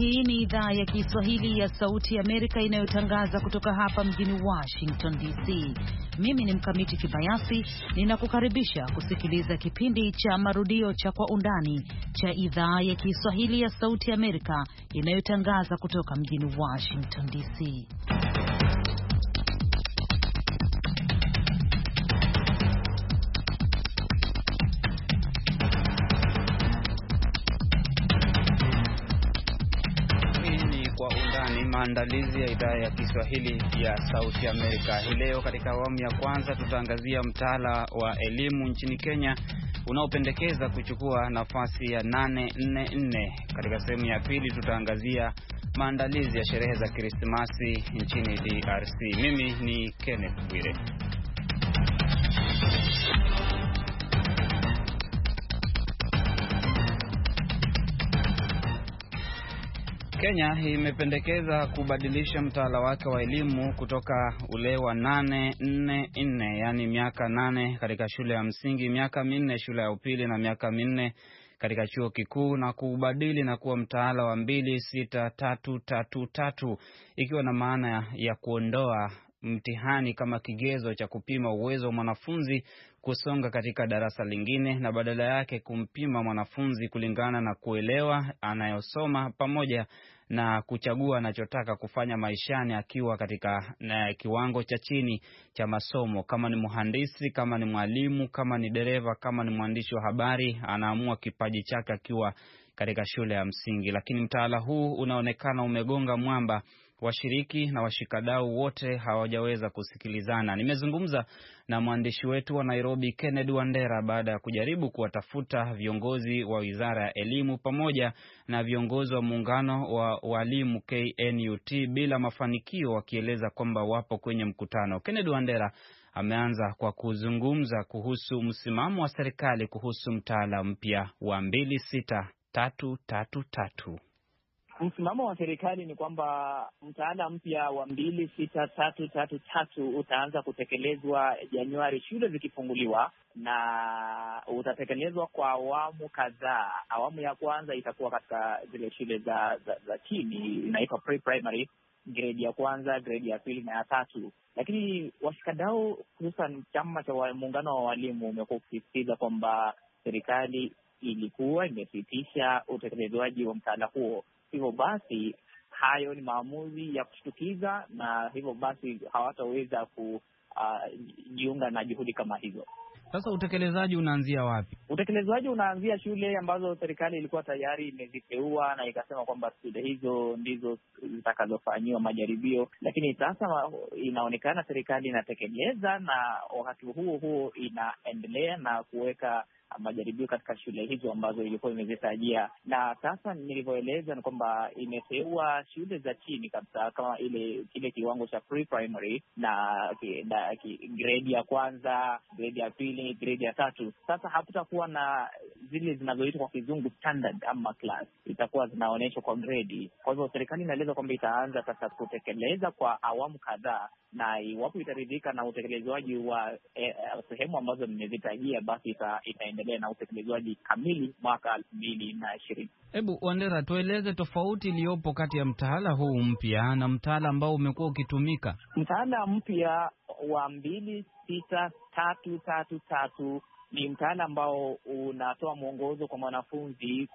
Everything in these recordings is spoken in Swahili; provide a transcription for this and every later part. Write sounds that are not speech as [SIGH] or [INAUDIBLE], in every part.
Hii ni idhaa ya Kiswahili ya Sauti ya Amerika inayotangaza kutoka hapa mjini Washington DC. Mimi ni Mkamiti Kibayasi, ninakukaribisha kusikiliza kipindi cha marudio cha Kwa Undani cha idhaa ya Kiswahili ya Sauti ya Amerika inayotangaza kutoka mjini Washington DC. idhaa ya Kiswahili ya Sauti Amerika. Hii leo katika awamu ya kwanza tutaangazia mtaala wa elimu nchini Kenya unaopendekeza kuchukua nafasi ya 844. Katika sehemu ya pili tutaangazia maandalizi ya sherehe za Krismasi nchini DRC. Mimi ni Kenneth Bwire. Kenya imependekeza kubadilisha mtaala wake wa elimu kutoka ule wa nane nne nne, yaani miaka nane katika shule ya msingi, miaka minne shule ya upili na miaka minne katika chuo kikuu na kuubadili na kuwa mtaala wa mbili sita tatu tatu tatu, ikiwa na maana ya kuondoa mtihani kama kigezo cha kupima uwezo wa mwanafunzi kusonga katika darasa lingine na badala yake kumpima mwanafunzi kulingana na kuelewa anayosoma pamoja na kuchagua anachotaka kufanya maishani akiwa katika na kiwango cha chini cha masomo. Kama ni mhandisi, kama ni mwalimu, kama ni dereva, kama ni mwandishi wa habari, anaamua kipaji chake akiwa katika shule ya msingi. Lakini mtaala huu unaonekana umegonga mwamba washiriki na washikadau wote hawajaweza kusikilizana. Nimezungumza na mwandishi wetu wa Nairobi, Kennedy Wandera, baada ya kujaribu kuwatafuta viongozi wa wizara ya elimu pamoja na viongozi wa muungano wa walimu KNUT bila mafanikio, wakieleza kwamba wapo kwenye mkutano. Kennedy Wandera ameanza kwa kuzungumza kuhusu msimamo wa serikali kuhusu mtaala mpya wa mbili sita tatu tatu tatu. Msimamo wa serikali ni kwamba mtaala mpya wa mbili sita tatu tatu tatu utaanza kutekelezwa Januari, shule zikifunguliwa, na utatekelezwa kwa awamu kadhaa. Awamu ya kwanza itakuwa katika zile shule za za, za chini, inaitwa pre-primary, gredi ya kwanza, gredi ya pili na ya tatu. Lakini washikadau hususan chama cha muungano wa walimu umekuwa ukisisitiza kwamba serikali ilikuwa imesitisha utekelezwaji wa mtaala huo Hivyo basi hayo ni maamuzi ya kushtukiza, na hivyo basi hawataweza kujiunga ah, uh, na juhudi kama hizo. Sasa utekelezaji unaanzia wapi? Utekelezaji unaanzia shule ambazo serikali ilikuwa tayari imeziteua na ikasema kwamba shule hizo ndizo zitakazofanyiwa majaribio, lakini sasa inaonekana serikali inatekeleza, na wakati huo huo inaendelea na kuweka majaribio katika shule hizo ambazo ilikuwa imezitajia, na sasa nilivyoeleza ni kwamba imeteua shule za chini kabisa kama ile kile kiwango cha pre primary na, na gredi ya kwanza, gredi ya pili, gredi ya tatu. Sasa hakutakuwa na zile zinazoitwa kwa kizungu standard ama class, itakuwa zinaonyeshwa kwa gredi. Kwa hivyo serikali inaeleza kwamba itaanza sasa kutekeleza kwa awamu kadhaa, na iwapo itaridhika na utekelezwaji wa eh, sehemu ambazo nimezitajia, basi ita, itaendelea uendelee na utekelezwaji kamili mwaka elfu mbili na ishirini. Hebu Wandera, tueleze tofauti iliyopo kati ya mtaala huu mpya na mtaala ambao umekuwa ukitumika. Mtaala mpya wa mbili sita tatu tatu tatu ni mtaala ambao unatoa mwongozo kwa mwanafunzi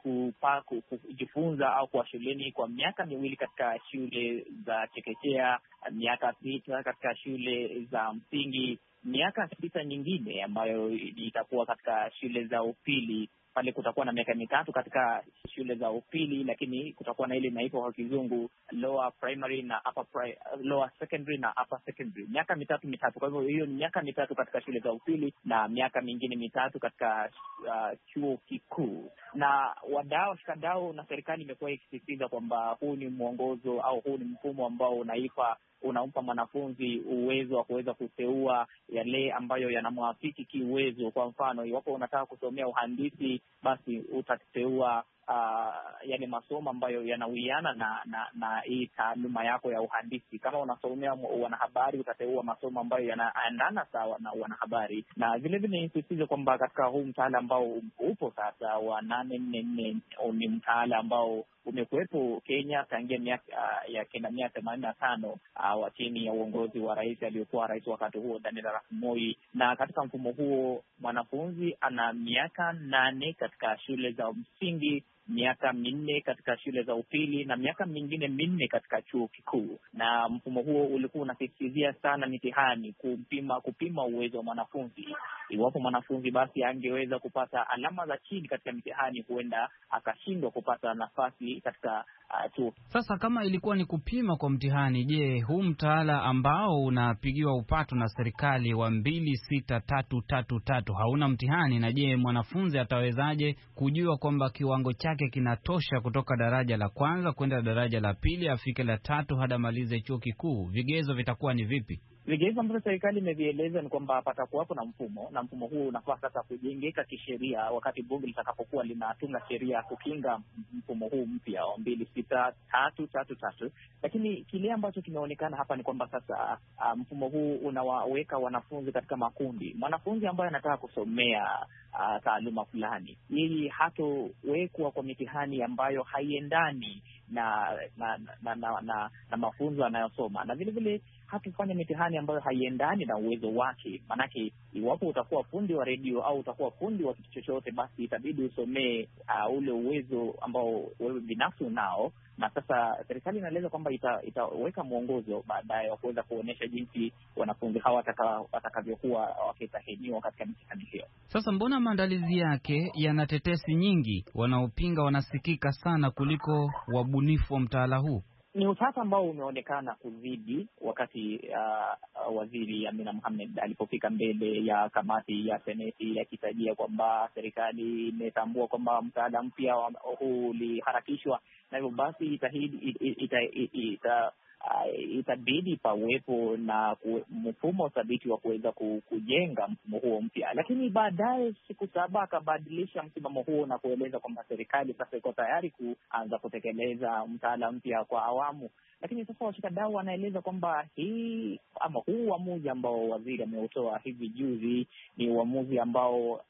kujifunza au kuwa shuleni kwa miaka miwili katika shule za chekechea, miaka sita katika shule za msingi, miaka sita nyingine ambayo itakuwa katika shule za upili pale kutakuwa na miaka mitatu katika shule za upili, lakini kutakuwa na ile inaitwa kwa kizungu lower primary na upper pri, lower secondary na upper secondary, miaka mitatu mitatu. Kwa hivyo hiyo ni miaka mitatu katika shule za upili na miaka mingine mitatu katika uh, chuo kikuu. Na wadau washikadau na serikali imekuwa ikisisitiza kwamba huu ni mwongozo au huu ni mfumo ambao unaipa unampa mwanafunzi uwezo wa kuweza kuteua yale ambayo yanamwafiki kiuwezo. Kwa mfano, iwapo unataka kusomea uhandisi, basi utateua uh, yale masomo ambayo yanawiana na na na hii taaluma yako ya uhandisi. Kama unasomea wanahabari, utateua masomo ambayo yanaendana sawa na wanahabari, na vilevile nisisitize kwamba katika huu mtaala ambao upo sasa wa nane nne nne ni mtaala ambao umekuwepo Kenya tangia miaka uh, ya kenda mia themanini na tano uh, chini ya uongozi wa rais aliyokuwa rais wakati huo Daniel Arap Moi. Na katika mfumo huo mwanafunzi ana miaka nane katika shule za msingi miaka minne katika shule za upili na miaka mingine minne katika chuo kikuu. Na mfumo huo ulikuwa unasisitizia sana mitihani, kupima kupima uwezo wa mwanafunzi. Iwapo mwanafunzi basi angeweza kupata alama za chini katika mitihani, huenda akashindwa kupata nafasi katika uh, chuo. Sasa kama ilikuwa ni kupima kwa mtihani, je, huu mtaala ambao unapigiwa upato na serikali wa mbili sita tatu tatu tatu hauna mtihani? Na je mwanafunzi atawezaje kujua kwamba kiwango cha chake kinatosha kutoka daraja la kwanza kwenda daraja la pili, afike la tatu hadi amalize chuo kikuu, vigezo vitakuwa ni vipi? Vigezo ambavyo serikali imevieleza ni kwamba patakuwapo na mfumo na mfumo huu unafaa sasa kujengeka kisheria, wakati bunge litakapokuwa linatunga sheria kukinga mfumo huu mpya wa mbili sita tatu tatu tatu. Lakini kile ambacho kimeonekana hapa ni kwamba sasa ah, mfumo huu unawaweka wanafunzi katika makundi. Mwanafunzi ambaye anataka kusomea ah, taaluma fulani, yeye hatowekwa kwa mitihani ambayo haiendani na na na, na, na, na mafunzo anayosoma na vile vile hatufanya mitihani ambayo haiendani na uwezo wake. Maanake iwapo utakuwa fundi wa redio au utakuwa fundi wa kitu chochote, basi itabidi usomee uh, ule uwezo ambao wewe binafsi unao na sasa serikali inaeleza kwamba ita, itaweka mwongozo baadaye wa kuweza kuonyesha jinsi wanafunzi hawa watakavyokuwa wakitahiniwa katika mitihani hiyo. Sasa mbona maandalizi yake yana tetesi nyingi, wanaopinga wanasikika sana kuliko wabunifu wa mtaala huu? ni utata ambao umeonekana kuzidi wakati uh, waziri Amina Mohamed alipofika mbele ya kamati ya Seneti akitajia kwamba serikali imetambua kwamba msaada mpya huu uliharakishwa na hivyo basi itahidi ita, ita, ita, ita uh, itabidi pawepo na mfumo thabiti wa kuweza kujenga mfumo huo mpya. Lakini baadaye siku saba akabadilisha msimamo huo na kueleza kwamba serikali sasa iko tayari kuanza kutekeleza mtaala mpya kwa awamu. Lakini sasa washikadau wanaeleza kwamba hii ama huu uamuzi ambao waziri ameutoa hivi juzi ni uamuzi ambao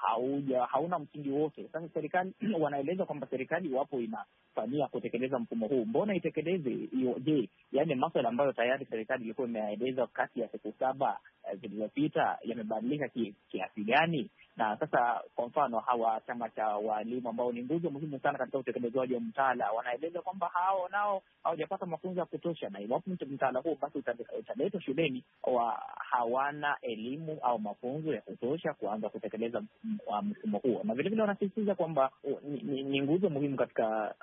hauja hauna msingi wote. Sasa serikali [CLEARS THROAT] wanaeleza kwamba serikali iwapo inafanyia kutekeleza mfumo huu, mbona itekeleze hiyo? Je, yale yaani maswala ambayo tayari serikali ilikuwa imeeleza kati ya siku saba eh, zilizopita yamebadilika kiasi gani? Na sasa kwa mfano hawa chama cha walimu ambao ni nguzo muhimu sana katika utekelezwaji wa mtaala, wanaeleza kwamba hao nao hawajapata mafunzo ya kutosha, na iwapo mtaala huo basi utaletwa shuleni, hawana elimu au mafunzo ya kutosha kuanza kutekeleza mfumo huo, na vilevile wanasisitiza kwamba ni nguzo muhimu katika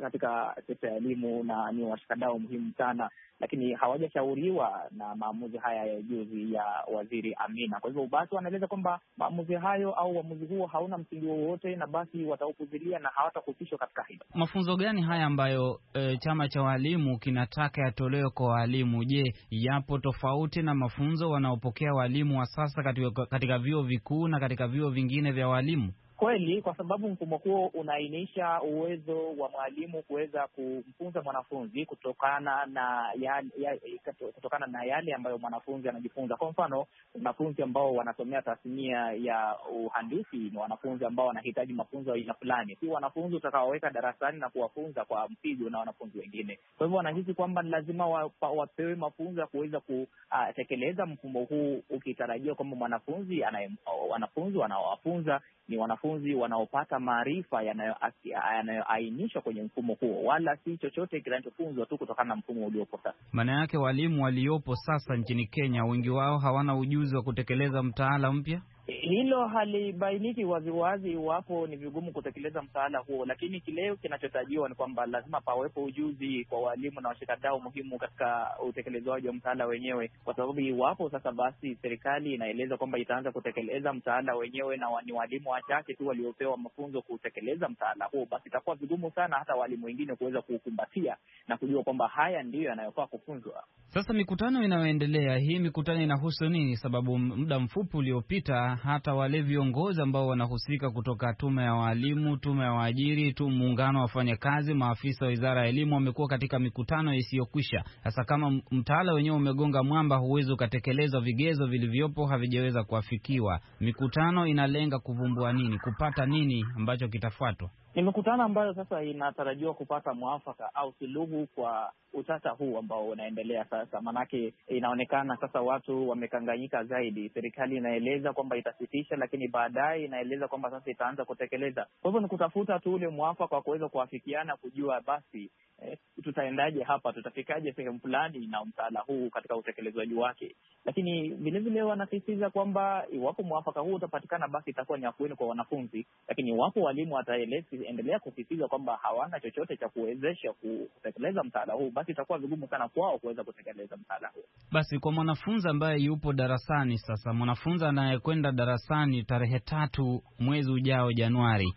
katika sekta ya elimu na ni washikadao muhimu sana lakini hawajashauriwa na maamuzi haya ya juzi ya waziri Amina. Kwa hivyo basi, wanaeleza kwamba maamuzi hayo au uamuzi huo hauna msingi wowote, na basi wataupuzilia na hawatahusishwa katika hilo. Mafunzo gani haya ambayo e, chama cha walimu kinataka yatolewe kwa walimu? Je, yapo tofauti na mafunzo wanaopokea walimu wa sasa katika, katika vyuo vikuu na katika vyuo vingine vya walimu? kweli, kwa sababu mfumo huo unaainisha uwezo wa mwalimu kuweza kumfunza mwanafunzi kutokana na yale, kutokana na yale ambayo mwanafunzi anajifunza. Kwa mfano, wanafunzi ambao wanasomea tasnia ya uhandisi ni wanafunzi ambao wanahitaji mafunzo ya aina fulani, si wanafunzi utakaoweka darasani na kuwafunza kwa mpigo na wanafunzi wengine. Kwa hivyo wanahisi kwamba ni lazima wapewe mafunzo ya kuweza kutekeleza mfumo huu, ukitarajia kwamba mwanafunzi wanafunzi wanawafunza ni wanafunzi wanaopata maarifa yanayoainishwa kwenye mfumo huo, wala si chochote kinachofunzwa tu kutokana na mfumo uliopo sasa. Maana yake walimu waliopo sasa nchini Kenya wengi wao hawana ujuzi wa kutekeleza mtaala mpya. Hilo halibainiki waziwazi iwapo ni vigumu kutekeleza msaada huo, lakini kile kinachotarajiwa ni kwamba lazima pawepo ujuzi kwa walimu na washikadau muhimu katika utekelezaji wa msaada wenyewe, kwa sababu iwapo sasa basi serikali inaeleza kwamba itaanza kutekeleza msaada wenyewe na ni walimu wachache tu waliopewa mafunzo kutekeleza msaada huo, basi itakuwa vigumu sana hata walimu wengine kuweza kuukumbatia na kujua kwamba haya ndiyo yanayofaa kufunzwa. Sasa mikutano inayoendelea hii, mikutano inahusu nini? Sababu muda mfupi uliopita hata wale viongozi ambao wanahusika kutoka tume ya waalimu, tume ya waajiri tu, muungano wa wafanyakazi, maafisa wa wizara ya elimu wamekuwa katika mikutano isiyokwisha. Sasa kama mtaala wenyewe umegonga mwamba, huwezi ukatekelezwa, vigezo vilivyopo havijaweza kuafikiwa. Mikutano inalenga kuvumbua nini, kupata nini ambacho kitafuatwa? Ni mikutano ambayo sasa inatarajiwa kupata mwafaka au suluhu kwa utata huu ambao unaendelea sasa, maanake inaonekana sasa watu wamekanganyika zaidi. Serikali inaeleza kwamba itasitisha, lakini baadaye inaeleza kwamba sasa itaanza kutekeleza. Kwa hivyo ni kutafuta tu ule mwafaka wa kuweza kuafikiana, kujua basi eh, tutaendaje hapa, tutafikaje sehemu fulani na mtaala huu katika utekelezaji wake. Lakini vilevile wanasisitiza kwamba iwapo mwafaka huu utapatikana, basi itakuwa ni afueni kwa wanafunzi, lakini iwapo walimu wataendelea kusisitiza kwamba hawana chochote cha kuwezesha kutekeleza mtaala huu, basi itakuwa vigumu sana kwao kuweza kutekeleza mtaala huu. Basi kwa mwanafunzi ambaye yupo darasani sasa, mwanafunzi anayekwenda darasani tarehe tatu mwezi ujao Januari,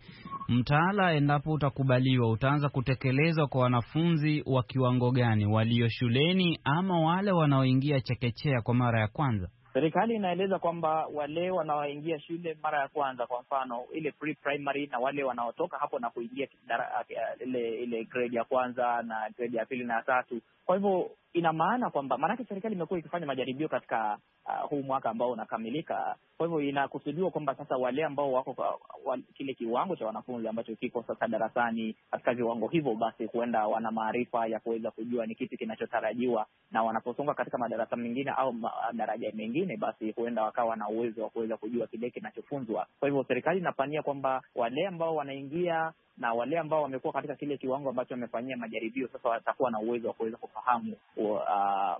mtaala endapo utakubaliwa, utaanza kutekelezwa kwa wanafunzi wa kiwango gani, walio shuleni ama wale wanaoingia chekechea kwa mara ya kwanza? Serikali inaeleza kwamba wale wanaoingia shule mara ya kwanza, kwa mfano ile pre primary, na wale wanaotoka hapo na kuingia eh, ile ile grade ya kwanza na grade ya pili na ya tatu. Kwa hivyo ina maana kwamba, maanake serikali imekuwa ikifanya majaribio katika uh, huu mwaka ambao unakamilika. Kwa hivyo inakusudiwa kwamba sasa wale ambao wako kwa, wa, kile kiwango cha wanafunzi ambacho kiko sasa darasani katika viwango hivyo, basi huenda wana maarifa ya kuweza kujua ni kipi kinachotarajiwa, na wanaposonga katika madarasa mengine au madaraja mengine, basi huenda wakawa na uwezo wa kuweza kujua kile kinachofunzwa. Kwa hivyo serikali inapania kwamba wale ambao wanaingia na wale ambao wamekuwa katika kile kiwango ambacho wamefanyia majaribio sasa watakuwa na uwezo wa kuweza kufahamu uh,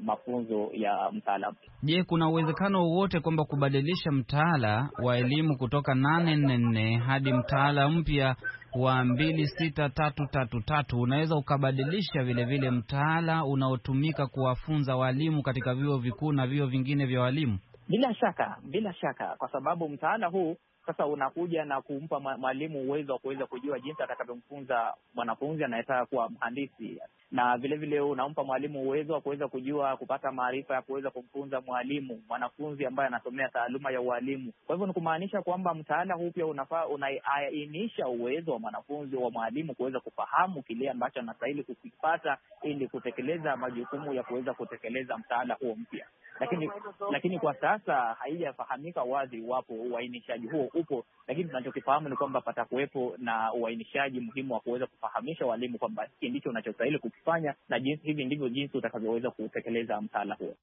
mafunzo ya mtaala. Je, kuna uwezekano wowote kwamba kubadilisha mtaala wa elimu kutoka nane nne nne hadi mtaala mpya wa mbili sita tatu tatu tatu unaweza ukabadilisha vilevile mtaala unaotumika kuwafunza walimu katika vyuo vikuu na vyuo vingine vya walimu? Bila shaka, bila shaka, kwa sababu mtaala huu sasa unakuja na kumpa mwalimu uwezo wa kuweza kujua jinsi atakavyomfunza mwanafunzi anayetaka kuwa mhandisi, na vilevile vile unampa mwalimu uwezo wa kuweza kujua kupata maarifa ya kuweza kumfunza mwalimu mwanafunzi ambaye anasomea taaluma ya ualimu. Kwa hivyo ni kumaanisha kwamba mtaala huu pia unafaa unaainisha uwezo wa mwanafunzi wa mwalimu kuweza kufahamu kile ambacho anastahili kukipata ili kutekeleza majukumu ya kuweza kutekeleza mtaala huo mpya lakini lakini kwa sasa haijafahamika wazi iwapo uainishaji huo upo, lakini tunachokifahamu ni kwamba patakuwepo na uainishaji muhimu wa kuweza kufahamisha walimu kwamba hiki ndicho unachostahili kukifanya na jinsi hivi ndivyo jinsi utakavyoweza kutekeleza mtaala huo.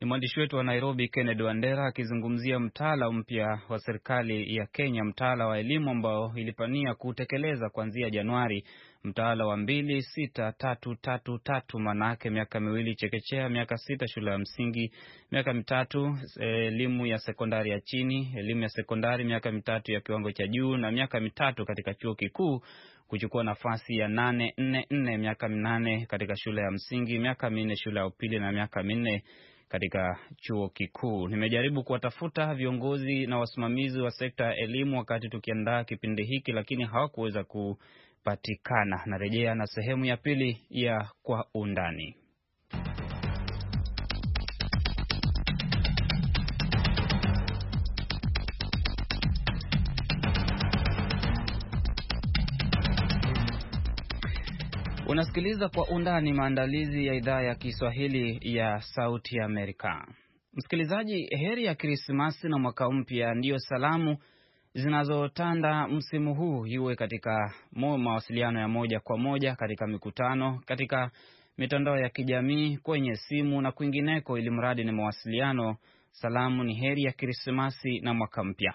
Ni mwandishi wetu wa Nairobi, Kennedy Wandera, akizungumzia mtaala mpya wa serikali ya Kenya, mtaala wa elimu ambao ilipania kutekeleza kuanzia Januari mtaala wa mbili sita tatu tatu tatu, maanaake miaka miwili chekechea, miaka sita shule ya msingi, miaka mitatu elimu ya sekondari ya chini, elimu ya sekondari, miaka mitatu ya kiwango cha juu na miaka mitatu katika chuo kikuu kuchukua nafasi ya nane nne nne, miaka minane katika shule ya msingi, miaka minne shule ya upili na miaka minne katika chuo kikuu. Nimejaribu kuwatafuta viongozi na wasimamizi wa sekta ya elimu wakati tukiandaa kipindi hiki, lakini hawakuweza ku patikana. Narejea na sehemu ya pili ya Kwa Undani. Unasikiliza Kwa Undani, maandalizi ya idhaa ya Kiswahili ya Sauti ya Amerika. Msikilizaji, heri ya Krismasi na mwaka mpya ndiyo salamu zinazotanda msimu huu iwe katika mawasiliano ya moja kwa moja, katika mikutano, katika mitandao ya kijamii, kwenye simu na kwingineko, ili mradi ni mawasiliano. Salamu ni heri ya Krismasi na mwaka mpya.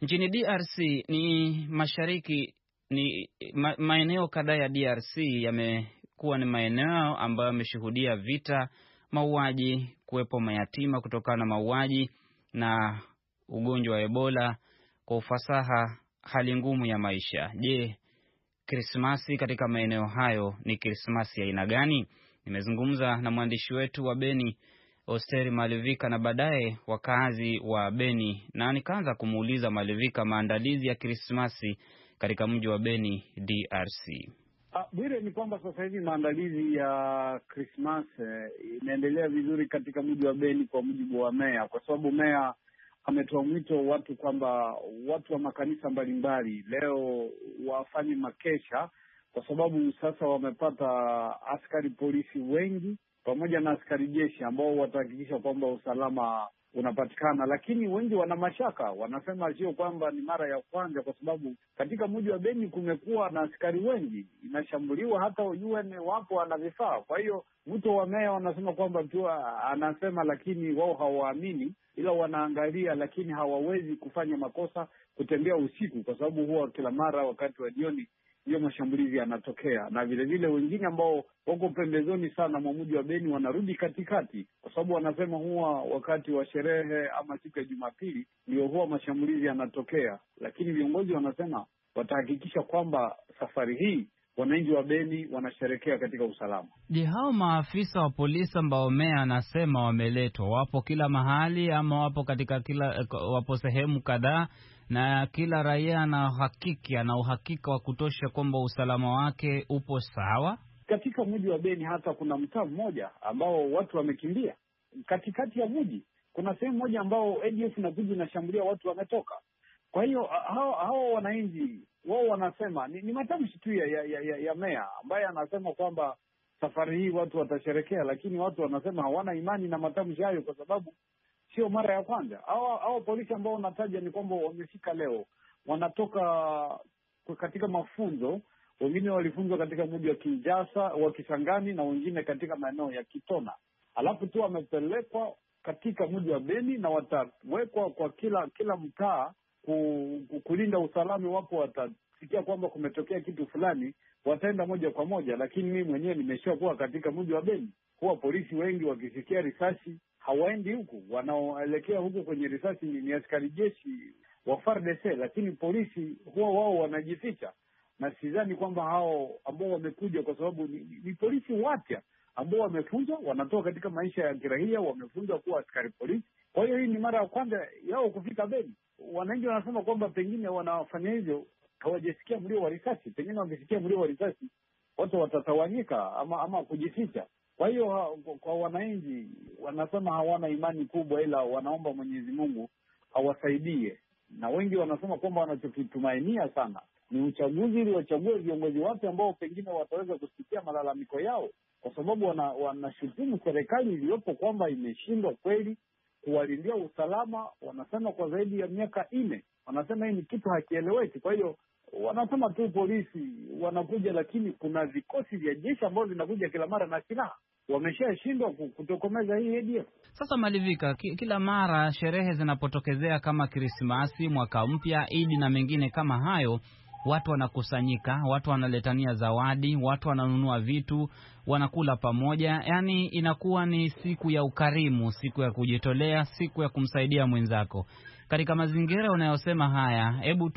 Nchini DRC ni mashariki ni ma, maeneo kadhaa ya DRC yamekuwa ni maeneo ambayo yameshuhudia vita, mauaji, kuwepo mayatima kutokana na mauaji na ugonjwa wa Ebola kwa ufasaha hali ngumu ya maisha. Je, Krismasi katika maeneo hayo ni Krismasi ya aina gani? Nimezungumza na mwandishi wetu wa Beni Osteri Malivika na baadaye wakazi wa Beni, na nikaanza kumuuliza Malivika maandalizi ya Krismasi katika mji wa Beni, DRC. Ah, bwire, ni kwamba sasa hivi maandalizi ya Krismas eh, inaendelea vizuri katika mji wa Beni kwa mujibu wa meya, kwa sababu meya ametoa mwito watu kwamba watu wa makanisa mbalimbali leo wafanye makesha, kwa sababu sasa wamepata askari polisi wengi pamoja na askari jeshi ambao watahakikisha kwamba usalama unapatikana, lakini wengi wana mashaka, wanasema sio kwamba ni mara ya kwanza, kwa sababu katika mji wa Beni kumekuwa na askari wengi, inashambuliwa hata UN wapo wana vifaa. Kwa hiyo mto wa meya wanasema kwamba tu anasema, lakini wao hawaamini, ila wanaangalia, lakini hawawezi kufanya makosa kutembea usiku, kwa sababu huwa kila mara wakati wa jioni ndiyo mashambulizi yanatokea, na vilevile wengine ambao wako pembezoni sana mwa mji wa Beni wanarudi katikati, kwa sababu wanasema huwa wakati wa sherehe ama siku ya Jumapili ndio huwa mashambulizi yanatokea, lakini viongozi wanasema watahakikisha kwamba safari hii wananchi wa Beni wanasherekea katika usalama. Je, hao maafisa wa polisi ambao meya anasema wameletwa, wapo kila mahali ama wapo katika kila, wapo sehemu kadhaa na kila raia ana uhakiki, ana uhakika wa kutosha kwamba usalama wake upo sawa. Katika mji wa Beni hata kuna mtaa mmoja ambao watu wamekimbia katikati ya mji. Kuna sehemu moja ambao ADF kuji inashambulia, watu wametoka. Kwa hiyo hao wananchi wao wanasema ni, ni matamshi tu ya, ya, ya, ya meya ambaye anasema kwamba safari hii watu watasherekea, lakini watu wanasema hawana imani na matamshi hayo, kwa sababu sio mara ya kwanza. Hawa polisi ambao wanataja ni kwamba wamefika leo, wanatoka katika mafunzo. Wengine walifunzwa katika mji wa Kinjasa wa Kisangani na wengine katika maeneo ya Kitona, alafu tu wamepelekwa katika mji wa Beni na watawekwa kwa kila kila mtaa kulinda usalama. Wapo watasikia kwamba kumetokea kitu fulani, wataenda moja kwa moja, lakini mimi mwenyewe nimeshakuwa katika mji wa Beni, huwa polisi wengi wakisikia risasi hawaendi huku, wanaoelekea huku kwenye risasi ni askari jeshi wa FARDC, lakini polisi huwa wao wanajificha, na sidhani kwamba hao ambao wamekuja, kwa sababu ni, ni, ni polisi wapya ambao wamefunzwa, wanatoka katika maisha ya kiraia, wamefunzwa kuwa askari polisi. Kwa hiyo hii ni mara ya kwanza yao kufika Beni. Wananchi wanasema kwamba pengine wanafanya hivyo, hawajasikia mlio wa risasi, pengine wangesikia mlio wa risasi watu watatawanyika ama ama kujificha. Kwa hiyo kwa wananchi wanasema hawana imani kubwa, ila wanaomba Mwenyezi Mungu awasaidie, na wengi wanasema kwamba wanachokitumainia sana ni uchaguzi ili wachague viongozi wapya ambao pengine wataweza kusikia malalamiko yao, kwa sababu wanashutumu wana serikali iliyopo kwamba imeshindwa kweli kuwalindia usalama, wanasema kwa zaidi ya miaka nne. Wanasema hii ni kitu hakieleweki. Kwa hiyo wanasema tu polisi wanakuja, lakini kuna vikosi vya jeshi ambavyo vinakuja kila mara na silaha. Wameshashindwa kutokomeza hii ADF. Sasa malivika ki, kila mara sherehe zinapotokezea kama Krismasi, mwaka mpya, Idi na mengine kama hayo, watu wanakusanyika, watu wanaletania zawadi, watu wananunua vitu, wanakula pamoja, yaani inakuwa ni siku ya ukarimu, siku ya kujitolea, siku ya kumsaidia mwenzako. Katika mazingira unayosema haya, hebu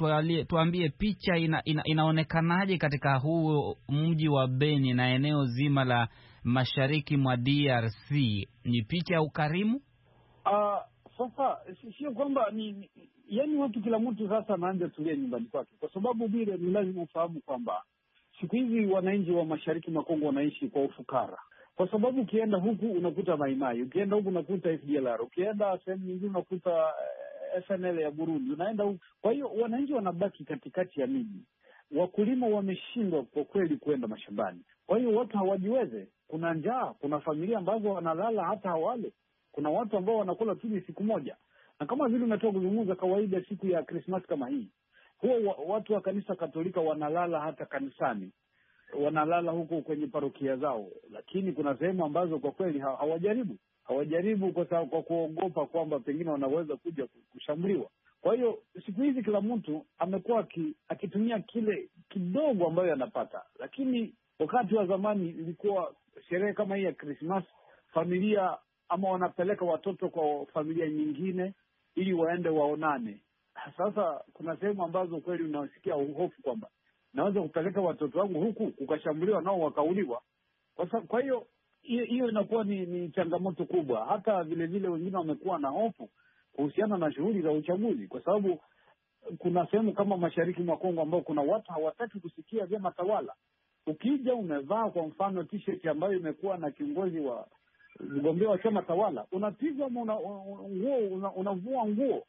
tuambie picha ina, ina, inaonekanaje katika huu mji wa Beni na eneo zima la mashariki mwa DRC? Ni picha ya ukarimu? Uh, sasa sio kwamba ni, ni yaani watu kila mtu sasa anaanza tulia nyumbani kwake, kwa sababu vile ni lazima ufahamu kwamba siku hizi wananchi wa mashariki mwa Kongo wanaishi kwa ufukara kwa sababu ukienda huku unakuta maimai, ukienda huku unakuta FDLR, ukienda sehemu nyingine unakuta eh, SNL ya Burundi, unaenda huko. Kwa hiyo wananchi wanabaki katikati ya miji, wakulima wameshindwa kwa kweli kwenda mashambani. Kwa hiyo watu hawajiweze, kuna njaa, kuna familia ambazo wanalala hata hawale, kuna watu ambao wanakula tuni siku moja, na kama vile umetoka kuzungumza, kawaida siku ya Krismasi kama hii huwa watu wa kanisa Katolika wanalala hata kanisani wanalala huko kwenye parokia zao, lakini kuna sehemu ambazo kwa kweli hawajaribu hawajaribu kwa sababu kwa kuogopa kwamba pengine wanaweza kuja kushambuliwa. Kwa hiyo siku hizi kila mtu amekuwa akitumia kile kidogo ambayo anapata, lakini wakati wa zamani ilikuwa sherehe kama hii ya Krismas, familia ama wanapeleka watoto kwa familia nyingine ili waende waonane. Sasa kuna sehemu ambazo kweli unasikia hofu kwamba naweza kupeleka watoto wangu huku ukashambuliwa nao wakauliwa. Kwa hiyo hiyo inakuwa ni, ni changamoto kubwa. Hata vilevile wengine wamekuwa na hofu kuhusiana na shughuli za uchaguzi, kwa sababu kuna sehemu kama mashariki mwa Kongo ambao kuna watu hawataki kusikia vyama tawala. Ukija umevaa kwa mfano t-shirt ambayo imekuwa na kiongozi wa mgombea wa chama tawala, unapigwa nguo, unavua nguo.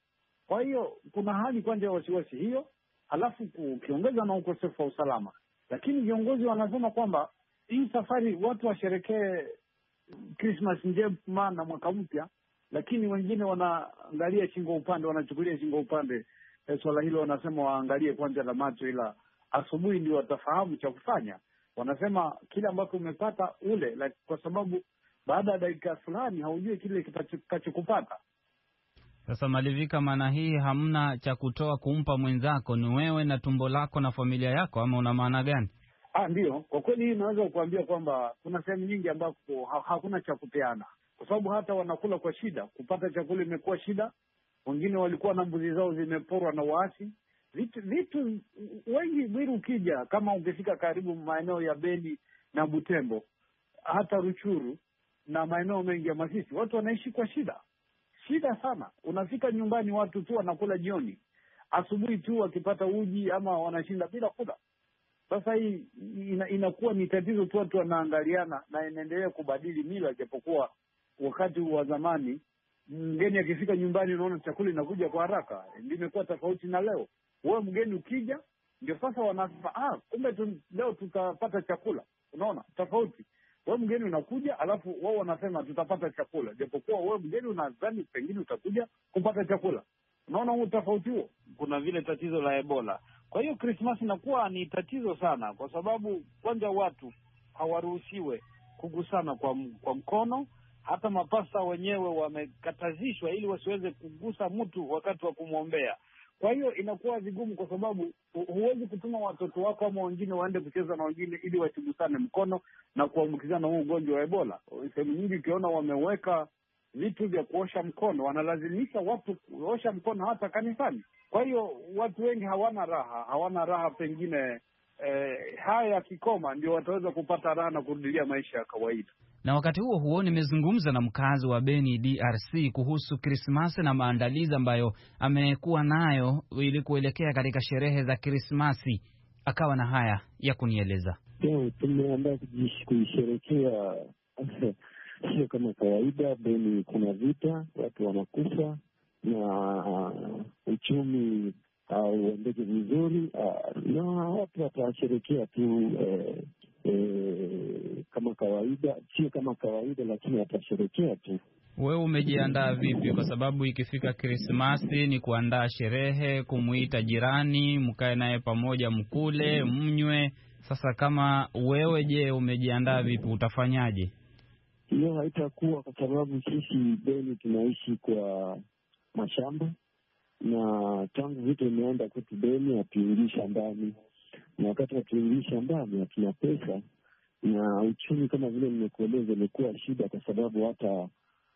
Kwa hiyo kuna hali kwanja ya wasiwasi hiyo, halafu ukiongeza na ukosefu wa usalama, lakini viongozi wanasema kwamba hii safari watu washerekee Christmas njema na mwaka mpya, lakini wengine wanaangalia shingo upande, wanachukulia shingo upande e, swala hilo wanasema waangalie kwanza la macho, ila asubuhi ndio watafahamu cha kufanya. Wanasema kile ambacho umepata ule like, kwa sababu baada ya dakika fulani haujui kile kitachokupata. Sasa Malivika, maana hii hamna cha kutoa kumpa mwenzako, ni wewe na tumbo lako na familia yako, ama una maana gani? Ah, ndio, kwa kweli hii inaweza kukuambia kwamba kuna sehemu nyingi ambapo ha hakuna cha kupeana, kwa sababu hata wanakula kwa shida. Kupata chakula imekuwa shida, wengine walikuwa na mbuzi zao zimeporwa na waasi. Vitu, vitu wengi bwiri, ukija kama ungefika karibu maeneo ya Beni na Butembo, hata Ruchuru na maeneo mengi ya Masisi, watu wanaishi kwa shida, shida sana. Unafika nyumbani, watu tu wanakula jioni, asubuhi tu wakipata uji ama wanashinda bila kula. Sasa hii ina, inakuwa ni tatizo tu, watu wanaangaliana na inaendelea kubadili mila, japokuwa wakati wa zamani mgeni akifika nyumbani, unaona chakula inakuja kwa haraka. Ndio imekuwa tofauti na leo, wewe mgeni ukija, ndio sasa wanasema ah, kumbe tu, leo tutapata chakula. Unaona tofauti, wewe mgeni unakuja, alafu wao wanasema tutapata chakula, japokuwa wewe mgeni unadhani pengine utakuja kupata chakula. Unaona huu tofauti huo, kuna vile tatizo la Ebola kwa hiyo krismas inakuwa ni tatizo sana, kwa sababu kwanza watu hawaruhusiwe kugusana kwa, kwa mkono. Hata mapasta wenyewe wamekatazishwa ili wasiweze kugusa mtu wakati wa kumwombea. Kwa hiyo inakuwa vigumu, kwa sababu huwezi kutuma watoto wako ama wengine waende kucheza na wengine ili wasigusane mkono na kuambukizana huu ugonjwa wa Ebola. Sehemu nyingi ukiona wameweka vitu vya kuosha mkono, wanalazimisha watu kuosha mkono hata kanisani. Kwa hiyo watu wengi hawana raha, hawana raha pengine Eh, haya yakikoma ndio wataweza kupata raha na kurudilia maisha ya kawaida. Na wakati huo huo, nimezungumza na mkazi wa Beni DRC kuhusu Krismasi na maandalizi ambayo amekuwa nayo ili kuelekea katika sherehe za Krismasi, akawa na haya ya kunieleza. Tumeandaa kuisherekea [LAUGHS] sio kama kawaida. Beni kuna vita, watu wanakufa na uchumi uh, uendeke vizuri, uh, na watu watasherekea tu eh, eh, kama kawaida, sio kama kawaida, lakini watasherekea tu. Wewe umejiandaa vipi? Kwa sababu ikifika Krismasi ni kuandaa sherehe, kumwita jirani, mkae naye pamoja, mkule, mnywe. Sasa kama wewe, je, umejiandaa vipi? Utafanyaje? Hiyo haitakuwa kwa sababu sisi Beni tunaishi kwa mashamba, na tangu vitu imeenda kwetu deni, hatuingii ndani na wakati hatuingii ndani hatuna pesa, na uchumi kama vile nimekueleza imekuwa shida, kwa sababu hata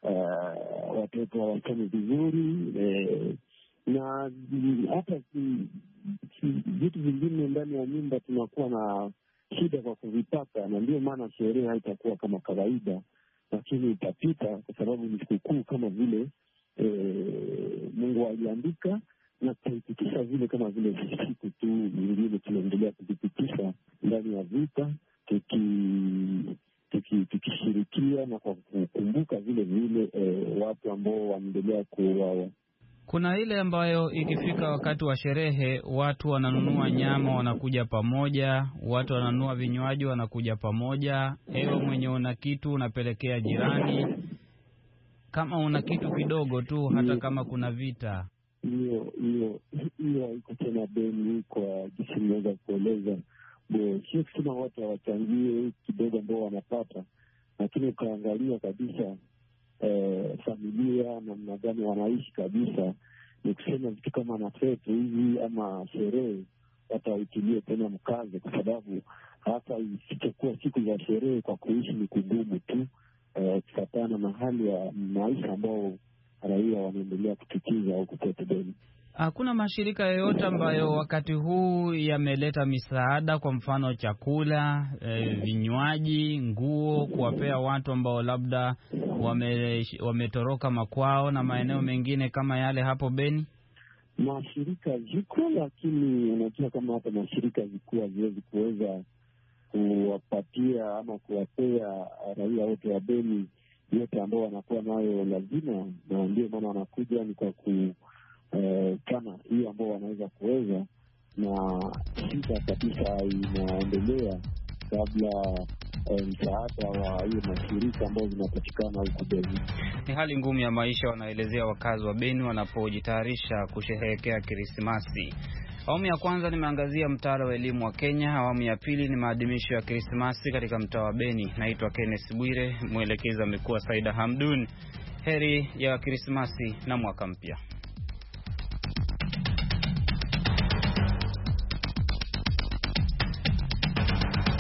uh, watoto hawasomi vizuri eh, na hata vitu vingine ndani ya nyumba tunakuwa na shida kwa kuvipata, na ndio maana sherehe haitakuwa kama kawaida, lakini itapita kwa sababu ni sikukuu kama vile e, Mungu aliandika na tutaipitisha vile kama vile siku tu vingine tunaendelea kuvipitisha ndani ya vita tukishirikia na kwa kukumbuka vile vile e, watu ambao wanaendelea kuuawa. Kuna ile ambayo ikifika wakati wa sherehe, watu wananunua nyama wanakuja pamoja, watu wananunua vinywaji wanakuja pamoja. Ewe mwenye una kitu unapelekea jirani kama una kitu kidogo tu, hata kama kuna vita. Hiyo hiyo hiyo haiko tena deni kwa jisi inaweza kueleza, sio kusema watu hawachangie kidogo ambao wanapata, lakini ukaangalia kabisa eh, familia namna gani wanaishi kabisa, ni kusema vitu kama nafetu hivi ama sherehe hata waitilie tena mkazo, kwa sababu hata isichokuwa siku za sherehe kwa kuishi ni kugumu tu. Eh, kufatana na hali ya maisha ambao raia wanaendelea kutikiza au kukwepa deni. Hakuna mashirika yoyote ambayo wakati huu yameleta misaada, kwa mfano chakula, e, vinywaji, nguo, kuwapea watu ambao labda wame, wametoroka makwao na maeneo mengine kama yale hapo Beni. Mashirika ziko, lakini unajua kama hata mashirika zikuwa haziwezi kuweza kuwapatia ama kuwapea raia wote wa Beni yote ambao wanakuwa nayo lazima, na ndio maana wanakuja ni kwa kukana eh, hiyo ambao wanaweza kuweza, na shida kabisa inaendelea kabla eh, msaada wa hiyo mashirika ambayo zinapatikana huku Beni. Ni hali ngumu ya maisha, wanaelezea wakazi wa Beni wanapojitayarisha kusherehekea Krismasi. Awamu ya kwanza nimeangazia mtaala wa elimu wa Kenya. Awamu ya pili ni maadhimisho ya Krismasi katika mtaa wa Beni. Naitwa Kenneth Bwire, mwelekezi amekuwa Saida Hamdun. Heri ya Krismasi na mwaka mpya.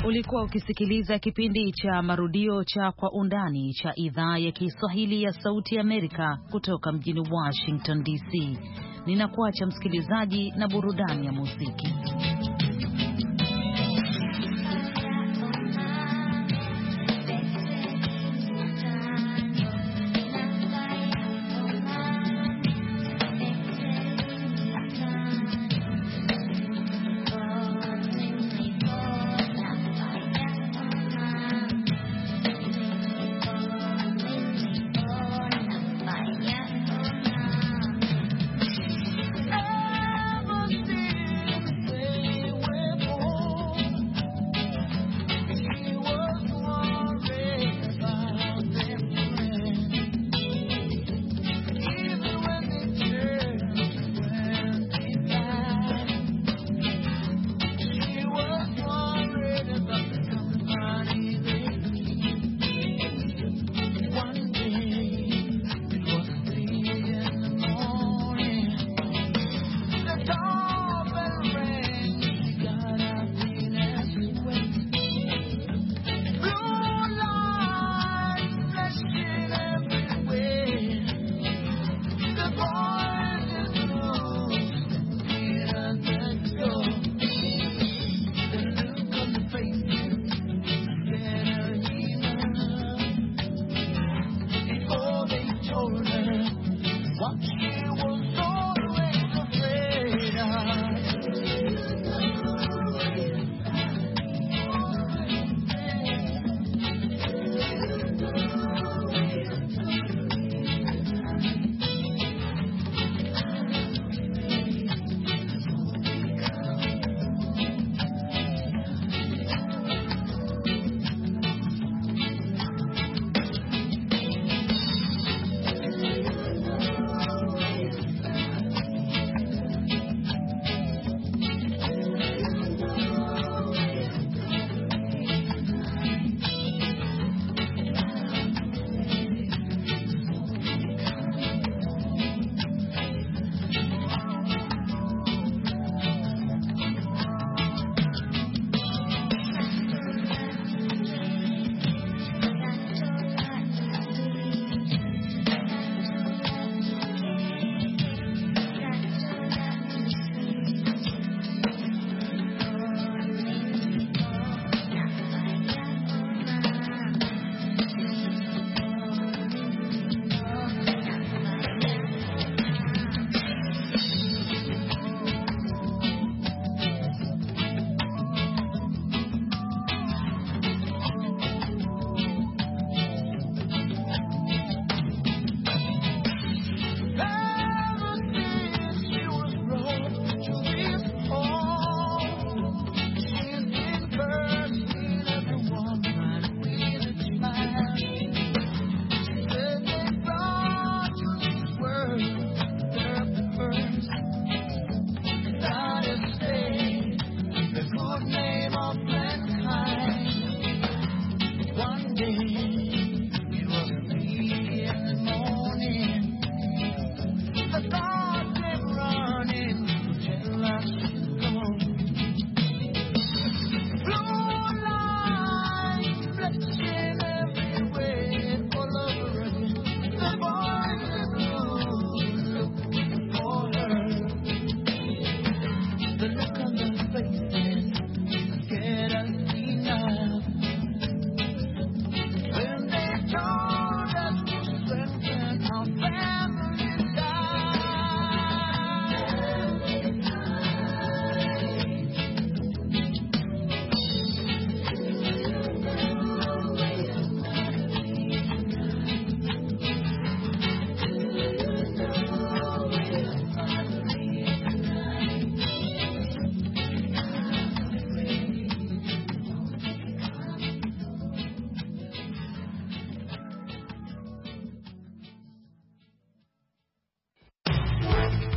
Ulikuwa ukisikiliza kipindi cha marudio cha Kwa Undani cha idhaa ya Kiswahili ya Sauti ya Amerika kutoka mjini Washington DC. Ninakuacha msikilizaji na burudani ya muziki.